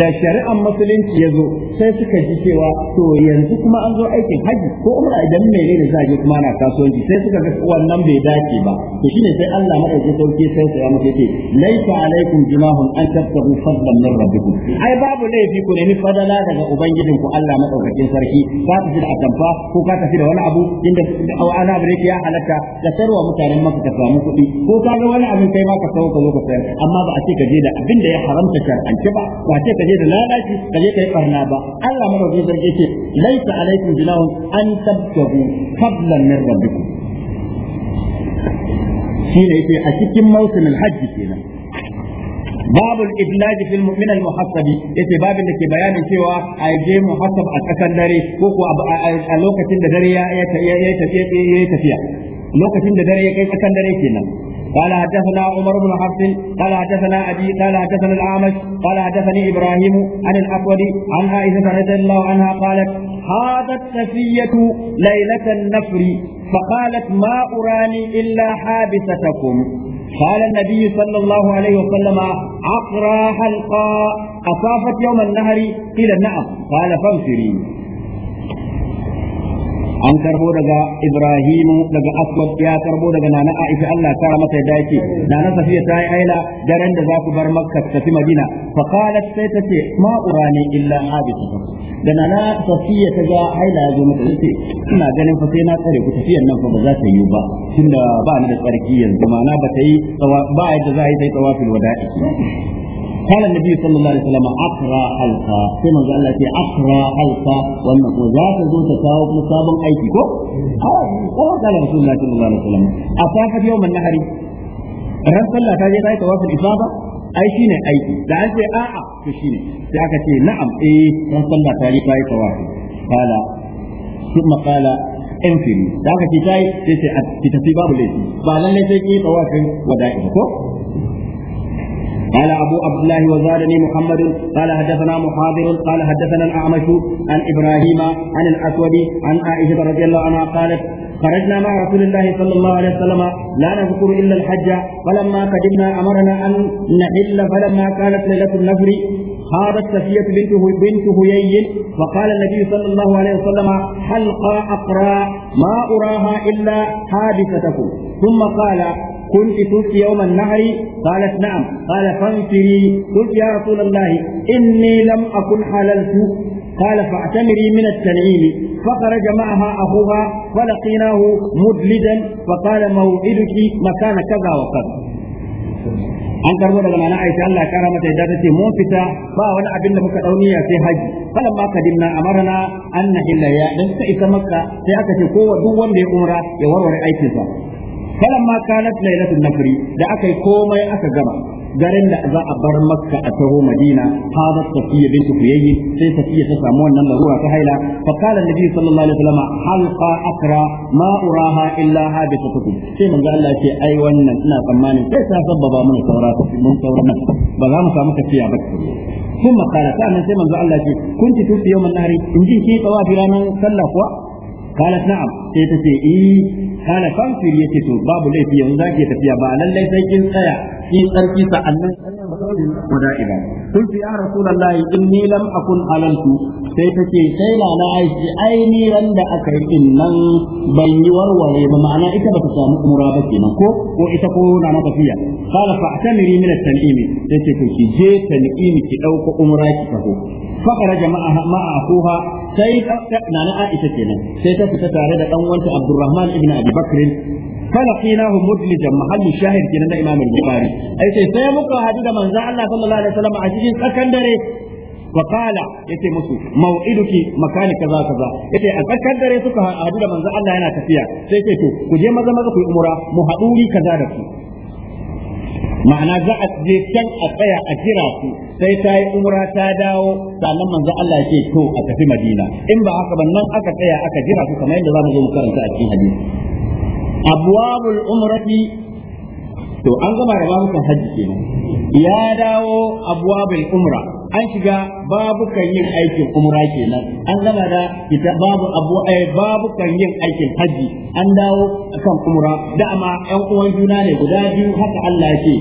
Speaker 1: da shari'ar musulunci ya zo sai suka ji cewa to yanzu kuma an zo aikin haji ko umra idan mene ne za a je kuma ana kasuwanci sai suka ga wannan bai dace ba to shine sai Allah madauki sauki sai sai muke ce laika alaikum junahun an tabtahu fadlan min rabbikum ai babu laifi ku nemi fadala daga ubangijin ku Allah madaukakin sarki ka tafi da atamfa ko ka tafi da wani abu inda ana bare ya halatta da sarwa mutanen maka ka samu kuɗi ko ka ga wani abin kai ma ka sauka zo ka sayar amma ba a ce ka je da abin da ya haramta shar'ance ba ba ce ka je da lalaci ka je kai barna ba Allah zai zarge ce laisa alaikum jinahun an tabtahu fadlan min rabbikum shine yake a cikin mausimin hajji kenan باب الإبلاج في من المحسب يتي باب اللي كي بيان سوى أيجي محسب أتكن داري كوكو ألوكة داري يتفيا lokacin da dare ya kai tsakan dare kenan قال حدثنا عمر بن حفص قال حدثنا أبي قال حدثنا الأعمش قال حدثني إبراهيم عن الأسود عن عائشة رضي الله عنها قالت هذا السفية ليلة النفر فقالت ما أراني إلا حابستكم قال النبي صلى الله عليه وسلم عقرى حلقا أصافت يوم النهر قيل نعم قال فانفري an karbo daga ibrahimu daga aswad ya karbo daga nana aisha Allah ta kara masa yadda yake nana safiya ta yi aila daren da za ku bar makka ta tafi madina fa qalat sai ta ce ma urani illa habita da nana safiya ta ga aila ya zo mata ce ina ganin fa sai na tsare ku tafiyan nan fa ba za ta yi ba tunda ba ni da tsarki yanzu ma na ba ta yi ba yadda za a yi sai tsawafin wada'i قال النبي صلى الله عليه وسلم اقرا حلقا كما قال لك اقرا حلقا وان وذاك ذو تساوب مصاب ايتي كو اه قال رسول الله صلى الله عليه وسلم افاك يوم النهر ran sallah ta je ta yi tawafin isaba ai shine aiki da an ce a'a to shine sai aka ce na'am eh ran sallah ta je ta yi tawafi kala kuma kala infiri da aka ce ta yi sai ce a tafi babu laifi ba lallai sai ki tawafin wada'i ko قال أبو عبد الله وزادني محمد قال حدثنا محاضر قال حدثنا الأعمش عن إبراهيم عن الأسود عن عائشة رضي الله عنها قالت خرجنا مع رسول الله صلى الله عليه وسلم لا نذكر إلا الحج فلما قدمنا أمرنا أن نحل فلما كانت ليلة النفر خاضت سفية بنت بنت هيي فقال النبي صلى الله عليه وسلم حلقى أقرى ما أراها إلا حادثتكم ثم قال كنت كنت يوم النهر قالت نعم قال فانفري قلت يا رسول الله إني لم أكن حللت قال فاعتمري من التنعيم فخرج معها أخوها فلقيناه مدلجا فقال موعدك مكان كذا وكذا an karbo daga mana aisha Allah ya kara mata yadda tace mun fita ba wani abin da muka dauni ya sai haji falan ma kadinna amarna an nahilla ya dan isa makka sai aka ce kowa duk wanda ya umra ya warware aikin sa falamma kanat lailatul nafri da aka yi komai aka gama garin da za a bar maka a taho madina hada safiya bintu kuyayyi sai safiya ta samu wannan larura ta haila fa qala annabi sallallahu alaihi wasallam halqa akra ma uraha illa habitatukum sai manzo Allah ce ai wannan ina tsammani sai ta sabbaba mana saura ba za mu samu tafiya ba kuma qala sa'an sai manzo Allah ce in ji ki tawafi ranan sallah kuwa قالت نعم sai ta ce eh kana kamfir yace to babu laifi yanzu zaki tafiya ba lallai sai kin tsaya ki tsarki sa'annan ودائبا قلت يا رسول الله إني لم أكن علمت سيتكي سيلا لا عيش أيني رند أكي إنن بني ورولي بمعنى إتبت سامو مرابتي منكو وإتقون أنا بفيا قال فاعتمري من التنئيم سيتكي جي تنئيم كأوك أمراكي فهو فخرج معها مع أخوها سيد أكتنا عائشة كنا سيتكي تتعرض أول عبد الرحمن ابن أبي بكر falaqinahu mudlijan mahallu shahid kenan da Imam Bukhari ai sai sai muka hadu da manzo Allah sallallahu alaihi wasallam a cikin tsakan dare وقال yace musu mau'iduki makani kaza kaza yace a tsakar dare suka hadu da manzo Allah yana tafiya sai yace to ku je maza maza ku yi mu haɗu kaza da ku ma'ana za a je can a tsaya a jira su sai ta yi umra ta dawo sannan manzo Allah ya ce to a tafi Madina in ba haka ba nan aka tsaya aka jira su kamar yadda zamu mu zo mu karanta a cikin hadisi abwabul umrati to an gama da babukan hajji kenan ya dawo abwabul umra an shiga babukan yin aikin umra kenan an gama da ita babu abu ay eh, babukan yin aikin hajji an dawo kan umra amma yan uwan juna ne guda biyu haka Allah yake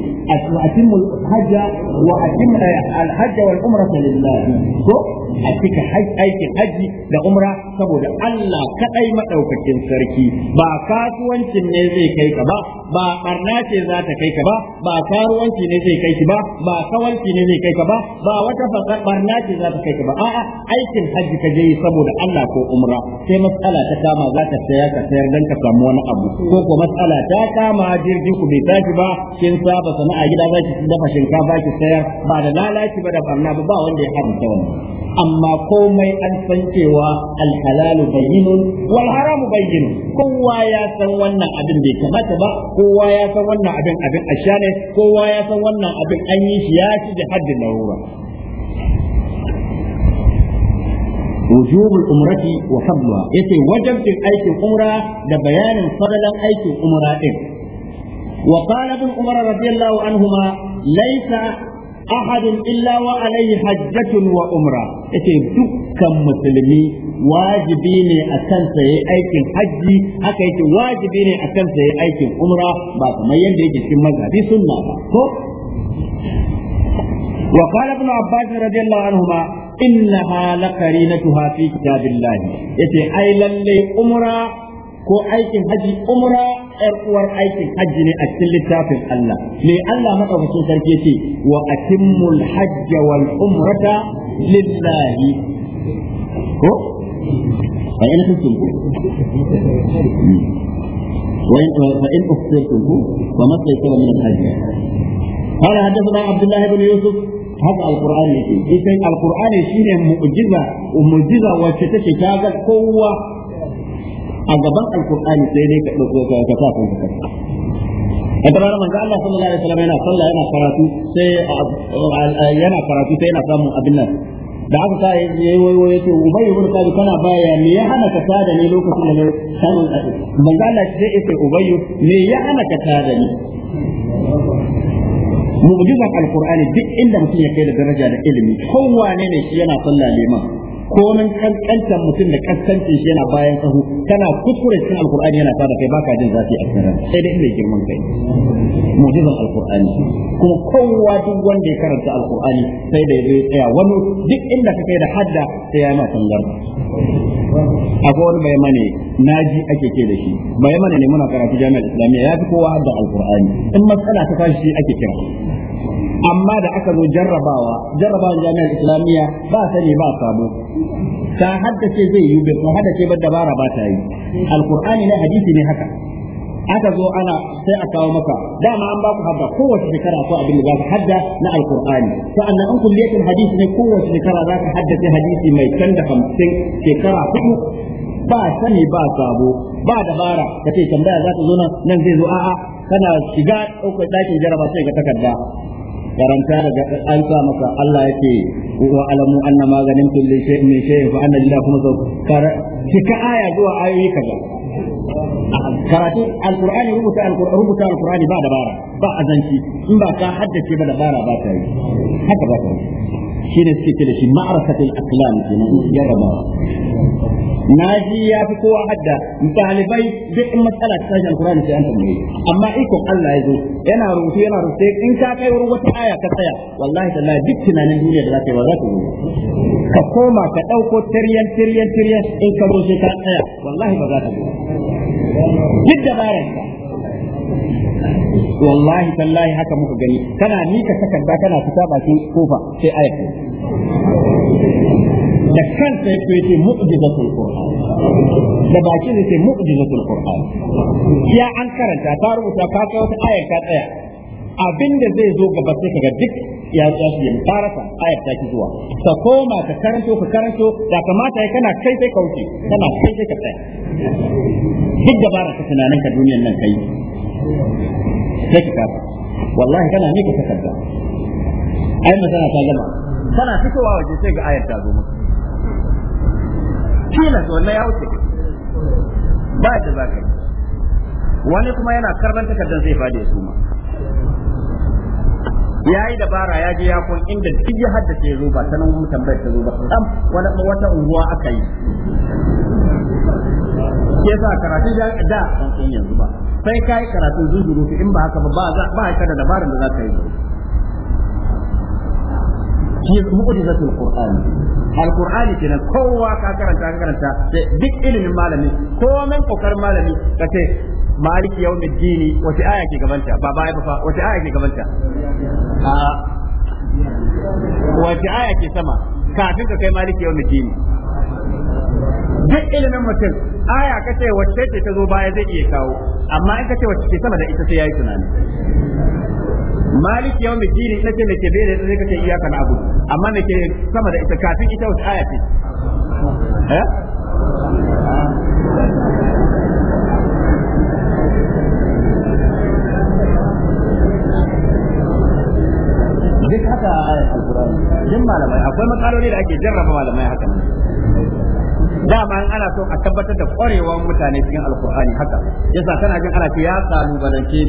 Speaker 1: atimul hajja wa atimul eh, hajja wal umra lillahi to a cika aikin haji da umra saboda Allah kadai madaukakin sarki ba kasuwancin ne zai kai ka ba ba barna ce za ta kai ka ba ba karuwanci ne zai kai ki ba ba kawanci ne zai kai ka ba ba wata fasar barna ce za ta kai ka ba a'a aikin haji ka je saboda Allah ko umra sai matsala ta kama za ta saya ka sayar dan ka samu wani abu ko ko matsala ta kama jirgin ku bai tashi ba kin saba sana'a gida za ki dafa shinkafa ki sayar ba da lalaci ba da barna ba ba wanda ya ta wannan amma komai an san cewa alhalalu bayyinun wal haramu bayyinun kowa ya san wannan abin bai kamata ba kowa ya san wannan abin abin asha ne kowa ya san wannan abin an yi shi ya ci da haddin larura وجوب الأمرة وفضلها يتي وجب في أيك الأمرة لبيان فضل أيك الأمرة إيه. وقال ابن عمر رضي الله عنهما ليس أحد إلا وعليه حجة وأمرة yace dukkan musulmi wajibi ne a kansa aikin hajji haka yake wajibi ne a kansa aikin umra ba kamar yadda yake cikin mazhabi sunna ba ko وقال ابن عباس رضي na عنهما إنها لقرينتها في كتاب الله يتي أي للي ko aikin haji umra yar uwar aikin haji ne a cikin littafin Allah me Allah madaukakin sarki yace wa atimmul hajj wal umrata lillahi ko ayi na tuntun ko وإن فإن أخطرتم فما استيسر من الحج قال حدثنا عبد الله بن يوسف haka alkur'ani yake ita alkur'ani shine mu'jiza mu'jiza wacce take ta ga kowa a gaban alkur'ani sai dai ka dauko ka sa kan ka a tarar manzo Allah sallallahu alaihi wasallam yana sallah yana karatu sai yana karatu sai yana samun abin nan da aka sa ya yi waiwo ya ce ubai ibn kabi kana baya me ya hana ka tada ne lokacin da sanin manzo Allah sai ya ce ubai me ya hana ka tada ne mu'jizan alqur'ani duk inda mutum ya kai da daraja da ilimi kowane ne shi yana sallah liman komin kankantar mutum da kasance shi yana bayan kahu kana kuskure cikin alkur'ani yana fara kai baka jin zafi a cikin sai dai inda girman kai mu'jizan alkur'ani kuma kowa duk wanda ya karanta alkur'ani sai da ya tsaya wani duk inda ka kai da hadda sai ya ma akwai wani bai mane naji ake ke da shi bai mane ne muna karatu jami'ar islamiyya ya fi kowa hadda alkur'ani in matsala ta kashi ake kira amma da aka zo jarrabawa jarrabawan jami'ar islamiyya ba sani ba sabo ta haddace zai yi bai haddace ba dabara ba ta yi alqur'ani na hadisi ne haka aka zo ana sai a kawo maka dama an baku hadda kowace shekara ko abin da zaka hadda na alqur'ani sa'annan an kulliyatul hadisi ne kowace shekara za zaka haddace hadisi mai can da hamsin shekara hudu ba sani ba sabo ba dabara Ka ce tambaya za ta zo nan nan zai zo a'a kana shiga ɗaukar ɗakin jaraba sai ga takarda karanta daga an sa maka Allah yake wa alamu anna maganin kulli shay'in min shay'in fa anna lillahi kuma kar kika aya zuwa ayoyi kaza karatu alqur'ani rubuta alqur'ani rubuta alqur'ani ba dabara ba azanci in ba ka haddace ba dabara ba ta yi haka ba ta yi shine suke ce da shi ma'arafatul aslam kenan ya raba naji ya fi kowa hadda dalibai duk in matsala ta shi alqur'ani sai an tambaye amma iko Allah ya zo yana rubutu yana rubuce in ka kai wurin wata aya ka tsaya wallahi tallahi duk tunanin duniya da za ta yi ba za ta zo ka koma ka ɗauko tiryan tiryan tiryan in ka zo shi ka tsaya
Speaker 2: wallahi ba za ta zo
Speaker 1: duk da ka wallahi tallahi haka muka gani kana ni ka takarda kana fita bakin kofa sai ayat da kansa ya fito yake mu'jizatul qur'an da ne yake mu'jizatul qur'an ya an karanta ta rubuta ka kawo ta ayar ka tsaya abin da zai zo gaba sai kaga duk ya tsashi ya karasa ayar ta ki zuwa ka koma ka karanto ka karanto da kamata ya kana kai sai ka wuce kana kai sai ka tsaya duk dabara ka tunanin ka duniyar nan kai sai ka kasa wallahi kana ne ka takarda ai magana ta gama kana fitowa waje sai ga ayar ta zo maka kila to ya wuce ba da zaka wani kuma yana karban takardar zai fadi ya suma ya yi dabara ya je ya kun inda duk ya hadda ce zo ba ta nan mu tambayar ta zo ba dan wata unguwa aka yi ke sa karatu da da kan kun yanzu ba sai kai karatu zuzuru in ba haka ba ba ba ka da dabaran da za ka yi shi mu'jizatul qur'ani alqur'ani kenan kowa ka karanta ka karanta duk ilimin malami ko men kokar malami kace maliki yawmiddin wace aya ke gabanta ba baya ba wace aya ke gabanta a wace aya ke sama kafin ka kai maliki yawmiddin duk ilimin mutum aya ka ce wacce ce ta zo baya zai iya kawo amma in ka ce wacce ke sama da ita sai yayi tunani maliki yawmi dini ita ce nake bere sai ka ce iyaka na abu amma nake sama da ita kafin ita wacce aya ce eh? haka a ayat al-Qur'ani din malamai akwai makaloli da ake jarraba malamai haka dama an ana so a tabbatar da kwarewar mutane cikin al-Qur'ani haka yasa kana jin ana ce ya kalu kalubalance shi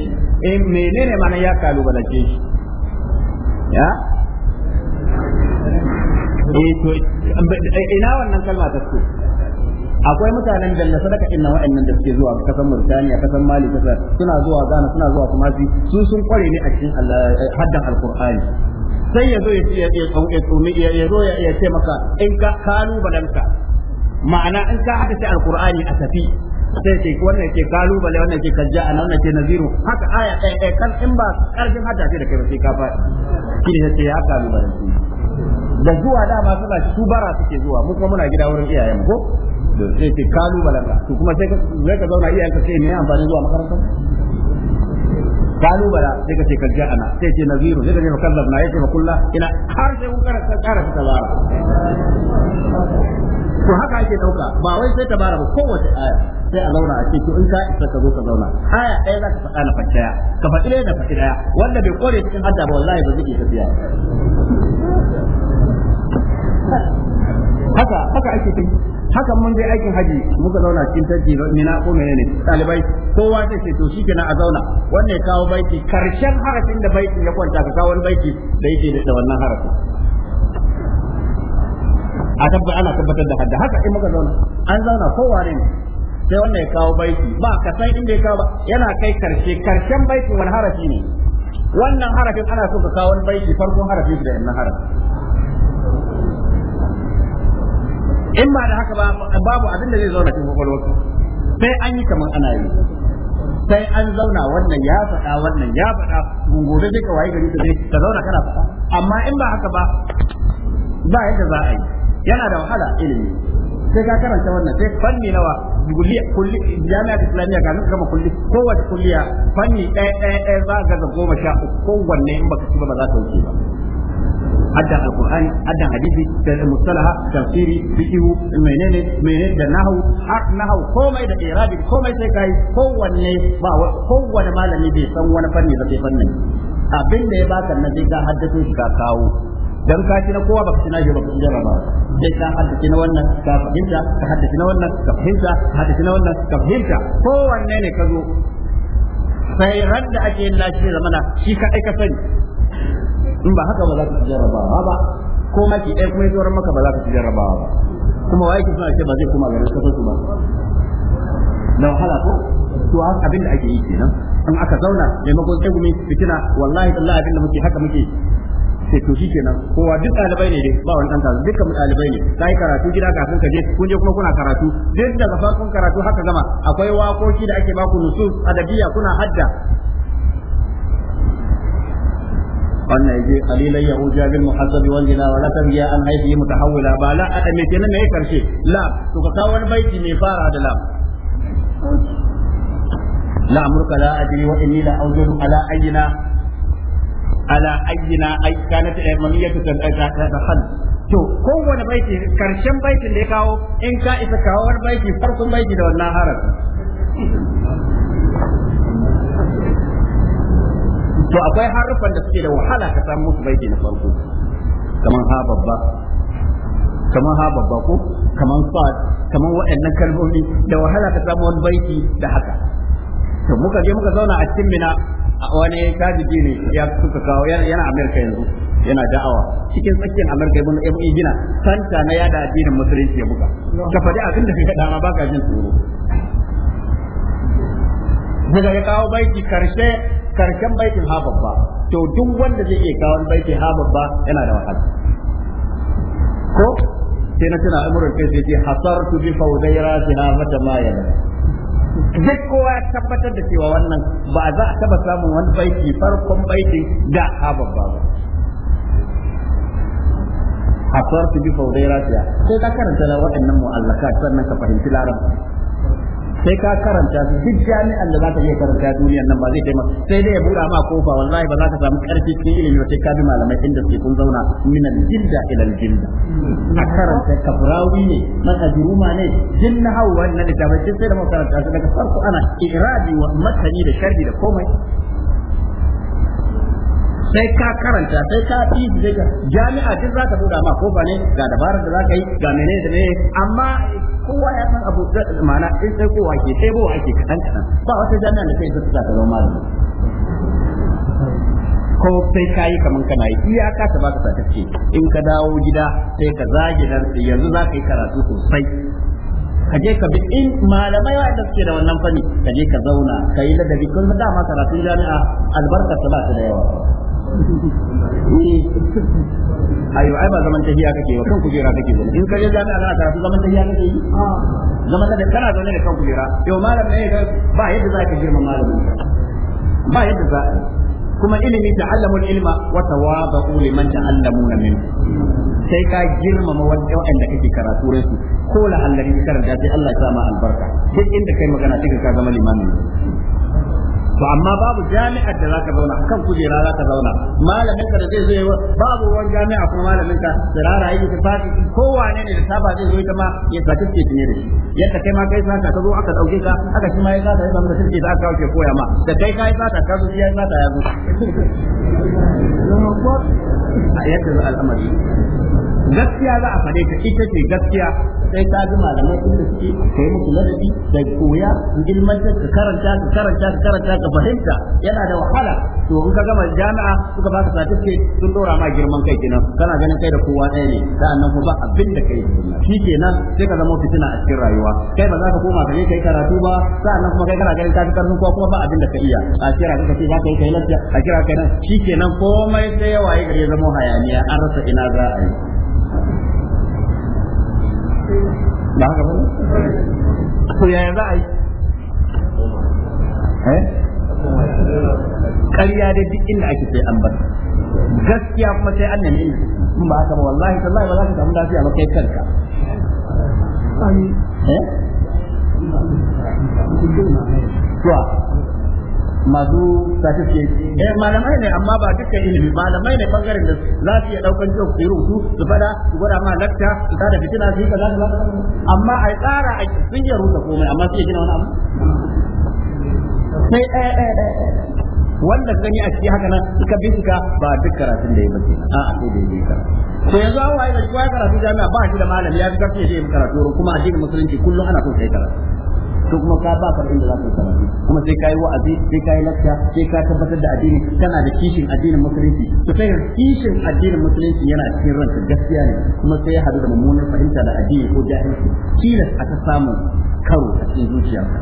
Speaker 1: eh menene ma'anar ya kalubalance shi ya eh to ina wannan kalma ta so akwai mutanen da na sadaka inna wa'annan da suke zuwa kasan Murtaniya kasan Mali kasan suna zuwa Ghana suna zuwa kuma su sun kware ne a cikin haddan Alkur'ani sai ya zo ya ce ya ya zo ya ce maka in ka kalu kalubalanka ma'ana in ka haka sai alqur'ani a tafi sai ce wannan ke kalubale wannan ke kajja a wannan ke naziru haka aya ɗaya ɗaya kan in ba ƙarfin hada ce da kai ba sai ka faɗi shi ne sai ya kalubale da zuwa dama suna su bara suke zuwa mu kuma muna gida wurin iyayen ko sai ce kalubalen to kuma sai ka zauna iyayen ka sai me amfani zuwa makaranta. kalu bala sai ka ce kal sai ce naziru sai ka ce kallab na yace kullu ina har sai karanta to haka ake dauka ba wai sai tabara ba kowace aya sai a zauna a ce to in ka isa ka zo ka zauna aya ɗaya za ka faɗa na faɗi ɗaya ka faɗi ɗaya na faɗi ɗaya wanda bai kore cikin hadda ba wallahi ba zai tafiya haka haka ake hakan mun dai aikin haji muka zauna cikin tanti mina ko menene dalibai kowa zai ce to shikenan a zauna wannan ya kawo baiti karshen harafin da baitin ya kwanta ka kawo baiti da yake da wannan harafin a tabba ana tabbatar da hadda haka in muka zauna an zauna kowa ne sai wannan ya kawo baiti ba ka san inda ya kawo ba yana kai karshe karshen baitin wani harafi ne wannan harafin ana so ka kawo wani baiti farkon harafin da wannan harafi in ba da haka ba babu abin da zai zauna cikin kwakwalwarka sai an yi kamar ana yi sai an zauna wannan ya faɗa wannan ya faɗa gobe duka waye gari ta zai ta zauna kana faɗa amma in ba haka ba ba yadda za a yi yana da wahala ilimi sai ka karanta wannan sai fanni nawa kulliya kulli jami'a islamiyya ga nan kama kulli kowace kulliya fanni ɗaya ɗaya ɗaya za ga goma sha uku kowanne in baka ci ba ba za ka wuce ba haddan alqur'ani haddan hadisi da mustalaha tafsiri fiqhu menene menene da nahwu har nahwu komai da irabi komai sai kai kowanne ba kowanne malami bai san wani fanni ba sai fannin abin da ya baka na zai ka haddace shi ka kawo dan ka na kowa baka tuna shi baka tuna ba sai ka haddace na wannan ka fahimta ka haddace na wannan ka fahimta ka haddace na wannan ka fahimta kowanne ne ka zo sai ran da ake yin lashi zamana shi ka aika sani in ba haka ba za ka fi jarrabawa ba ko maki ɗaya kuma ya maka ba za ka fi jarrabawa ba kuma wa yake suna ce ba zai koma gari kasar su ba na wahala ko to abin da ake yi kenan in aka zauna maimakon gumi fitina wallahi tallahi abin da muke haka muke sai to shi kenan kowa duk ɗalibai ne dai ba wani ɗan kasu dukkan ɗalibai ne ka yi karatu gida kafin ka je kun je kuma kuna karatu duk daga farkon karatu haka zama, akwai wakoki da ake baku nusus adabiya kuna hadda wannan yaje qalilan yahuja bil muhassab wal jina wa la tabiya an haythi mutahawwila ba la a me kenan ne karshe la to ka kawo wani baiti mai fara da la la amurka la ajri wa inni la awjadu ala ayyina ala ayyina ay kanat amaniyatu tadkhal to kowane baiti karshen baitin da ya kawo in ka isa kawo wani baiti farkon baiti da wannan harafin to akwai harufan da suke da wahala ka samu musu baiti na farko kamar ha babba kamar ha babba ko kamar sad kamar waɗannan kalmomi da wahala ka samu wani baiti da haka to muka je muka zauna a cikin mina wani tajiji ne ya suka kawo yana Amerika yanzu yana da'awa cikin tsakiyar Amerika ibn Ibn Gina santa na yada addinin musulunci ya buga ka faɗi abin da kake dama baka jin tsoro daga ya kawo baiti karshe karshen baitin ha babba to duk wanda zai iya kawo baitin ha babba yana da wahala ko sai na tana umrul kai sai ce hasartu bi fawdaira sinamata ma yana duk kowa ya tabbatar da cewa wannan ba za a taba samun wani baiti farkon baiti da ha babba ba hasartu bi fawdaira sai ka karanta waɗannan mu'allaka sannan ka fahimci larabci sai ka karanta su duk jami'an da za ka iya karanta duniyar nan ba zai taimaka sai dai ya buɗa ma kofa wallahi ba za ka samu ƙarfi cikin ilimi ba sai ka bi malamai inda suke kun zauna min al-jilda ila al-jilda karanta kafrawi ne man ajruma ne jin na hawa na da tabbacin sai da makaranta su daga farko ana iradi wa matani da sharhi da komai sai ka karanta sai ka fi jami'a duk za ta buɗa ma kofa ne ga dabarar da za ka yi ga menene da ne amma kowa ya san abu ma'ana in sai kowa ke sai bowa ake kaɗan kaɗan ba wata jami'a da sai ta tsaka zama malami ko sai ka yi kamar kana yi iyaka ta baka sakace in ka dawo gida sai ka zage dan yanzu za ka yi karatu sosai ka je ka bi in malamai wa'anda suke da wannan fani ka je ka zauna ka yi ladabi kun da ma karatun jami'a albarka ta ba ta da yawa ayo ai ba zaman kake ba kan kujera kake zama in kana karatu zaman kake yi ah. zaman da kana zaune da kan kujera yau malam ne ba yadda za ka girma ba yadda za kuma ilimi ilma wa liman min sai ka wanda kake karatu ko la hallari karanta sai Allah ya sa ma albarka duk inda kai magana ka zama limamin to amma babu jami'ar da zaka zauna kan kujera zaka zauna malamin ka da zai zo babu wani jami'a kuma malamin ka tsirara yake ta fati kowane ne da saba zai zo ita ma ya certificate ne da shi yadda kai ma kai saka ka zo aka dauke ka aka shi ma ya saka ya samu certificate aka kawo ke koya ma da kai kai saka ka zo ya saka ya zo yadda al'amari gaskiya za a fade ta ita ce gaskiya sai ka ji malamai inda suke kai musu ladabi da koya da ka karanta ka karanta ka karanta ka fahimta yana da wahala to in ka gama jami'a suka baka certificate sun dora ma girman kai kenan kana ganin kai da kowa ɗaya ne sa'annan ko ba abin da kai shi kenan sai ka zama fitina a cikin rayuwa kai ba za ka koma ka je kai karatu ba sa'annan kuma kai kana ganin ka fi karfin kowa kuma ba abin da ka iya a kira ka ce za ka yi kai lafiya a kira kai nan shi kenan komai sai ya waye gare zama hayaniya an rasa ina za a yi ba haka bane to yaya za a yi eh ƙarya da duk inda ake sai an bar gaskiya kuma sai an nemi inda ba haka ba wallahi tallahi ba za ka samu lafiya ba kai kanka eh masu certificate eh malamai ne amma ba dukkan ilimi malamai ne bangaren da za su iya daukan jiya su yi rubutu su fada su gwada ma lakta su tada fitina su yi kaza da lakta amma a tsara a sun iya rubuta komai amma su iya gina wani abu sai
Speaker 2: eh eh eh, eh.
Speaker 1: wanda gani a cikin haka nan suka bi suka ba duk karatun da ya bace a a sai da ya karatu to yanzu an waye da kowa karatu jami'a ba shi da malami ya fi karfi ya je karatu kuma a cikin musulunci kullum ana so sai karatu to kuma ka ba ka inda za ka yi kuma sai kai wa'azi sai kai lakka sai ka tabbatar da addini kana da kishin addinin musulunci to sai kishin addinin musulunci yana cikin ranka gaskiya ne kuma sai ya hadu da mummunan fahimta da addini ko jahilci kilas aka samu karo a cikin zuciyarka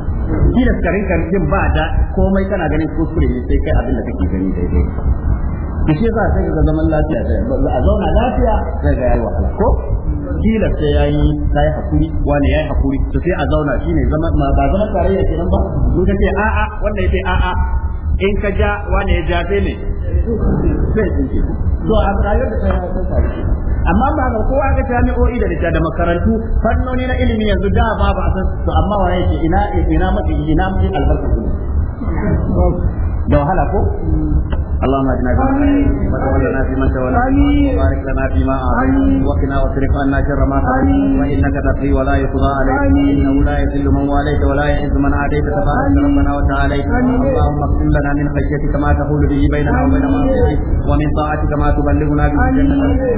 Speaker 1: kilas ka rinka jin ba da komai kana ganin kuskure ne sai kai abin da kake gani daidai to shi yasa sai ka zaman lafiya a zauna lafiya sai ga yayi wahala ko kila sai yayi sai hakuri wani yayi hakuri to sai a zauna shine zama ma ba zama tarayya kenan ba mun kace a a wanda yace a a in ka ja wani ya ja sai ne sai tsinke to a rayuwar da sai ta tare amma ba ga kowa ga jami'o'i da da makarantu fannoni na ilimi yanzu da ba ba san to amma wa yake ina ina mutum ina mutum albarka da wahala ko اللهم اجعلنا بمن وتولنا فيمن توليت وبارك لنا فيما اعطيت وقنا واصرف عنا شر ما قضيت وانك تقضي ولا يقضى عليك انه لا يذل من واليت ولا يعز من عاديت تبارك ربنا وتعاليت اللهم اقسم لنا من خشيتك ما تقول به بيننا وبين معصيتك ومن طاعتك ما تبلغنا به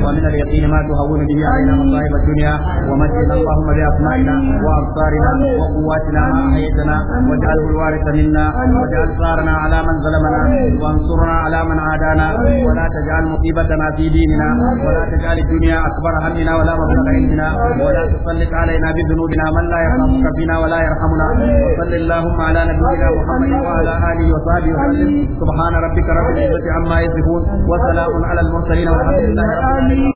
Speaker 1: ومن اليقين ما تهون به علينا مصائب الدنيا ومجدنا اللهم باسمائنا وابصارنا وقواتنا ما احييتنا واجعله الوارث منا واجعل ثارنا على من ظلمنا وانصرنا على على من عادانا ولا تجعل مصيبتنا في ديننا ولا تجعل الدنيا أكبر همنا ولا مبلغ علمنا ولا تسلط علينا بذنوبنا من لا يرحمك فينا ولا يرحمنا وصل اللهم على نبينا محمد وعلى آله وصحبه وسلم سبحان ربك رب العزة عما يصفون
Speaker 2: وسلام على المرسلين والحمد لله رب العالمين